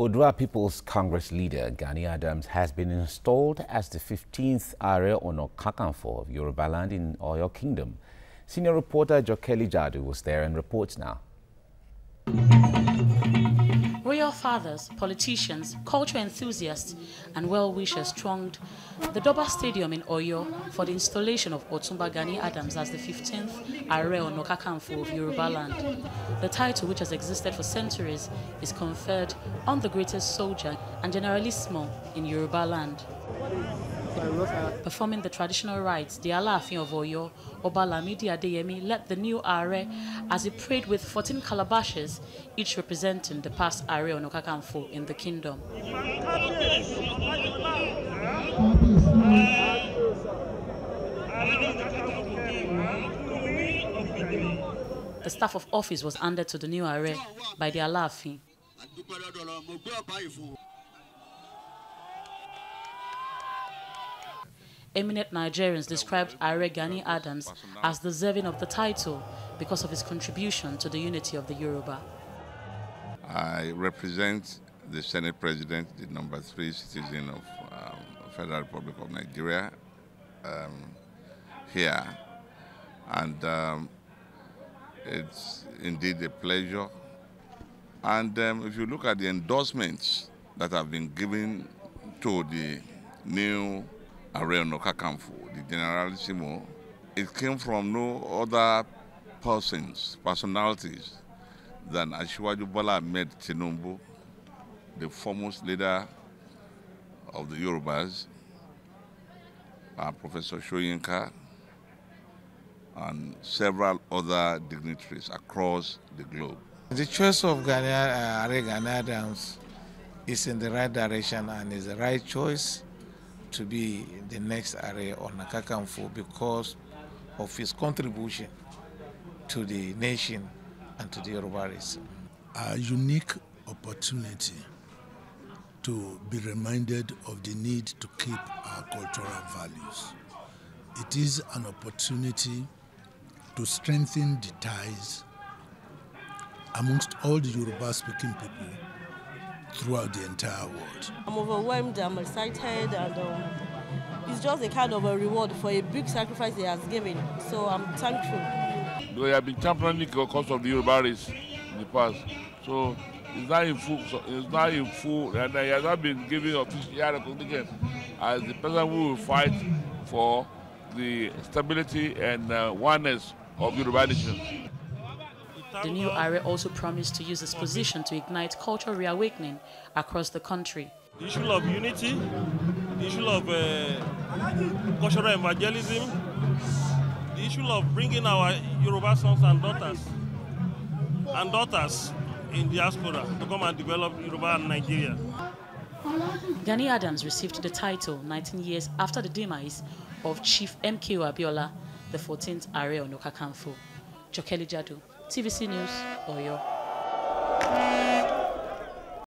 Odua People's Congress leader Gani Adams has been installed as the 15th Aare Ono Kakanfo of Yorubaland in Oyo Kingdom. Senior reporter Jokeli Jadu was there and reports now. Senegal fathers, politicians, culture enthusiasts, and well-wishers thronged the Doba Stadium in Oyo for the installation of Otumba Gani Adams as the 15th Are Onokakanfo of Yoruba land. The title, which has existed for centuries, is conferred on the greatest soldier and generalissimo in Yoruba land. Performing the traditional rites, the Alaafin of Oyo, Oba Lamidi Adeyemi led the new Are as he prayed with 14 calabashes, each representing the past Are Onokakanfo in the kingdom. The staff of office was handed to the new Are by the Alaafin. eminent Nigerians described Are Gani Adams as deserving of the title because of his contribution to the unity of the Yoruba. I represent the Senate President, the number three citizen of um, Federal Republic of Nigeria um, here. And um, it's indeed a pleasure. And um, if you look at the endorsements that have been given to the new Ariel Nokakamfu, the Generalissimo, it came from no other persons, personalities than Ashwaju Bola Ahmed Tinumbu, the foremost leader of the Yorubas, uh, Professor Shoyinka, and several other dignitaries across the globe. The choice of Ghana, uh, Ghanaians is in the right direction and is the right choice to be the next area on Akakanfo because of his contribution to the nation and to the Yoruba A unique opportunity to be reminded of the need to keep our cultural values. It is an opportunity to strengthen the ties amongst all the Yoruba speaking people throughout the entire world. I'm overwhelmed, I'm excited, and um, it's just a kind of a reward for a big sacrifice he has given. So I'm thankful. They have been championing the cause of the Yoruba race in the past. So it's not in full, so it's not in full, and he has not been given official recognition as the person who will fight for the stability and uh, oneness of Yoruba nation. The new IRA also promised to use its position to ignite cultural reawakening across the country. The issue of unity, the issue of uh, cultural evangelism, the issue of bringing our Yoruba sons and daughters and daughters in diaspora to come and develop Yoruba and Nigeria. Gani Adams received the title 19 years after the demise of Chief M.K. Abiola, the 14th area Ọ̀nà Kakanfò, Jokeli Jadu. TVC News, Oyo.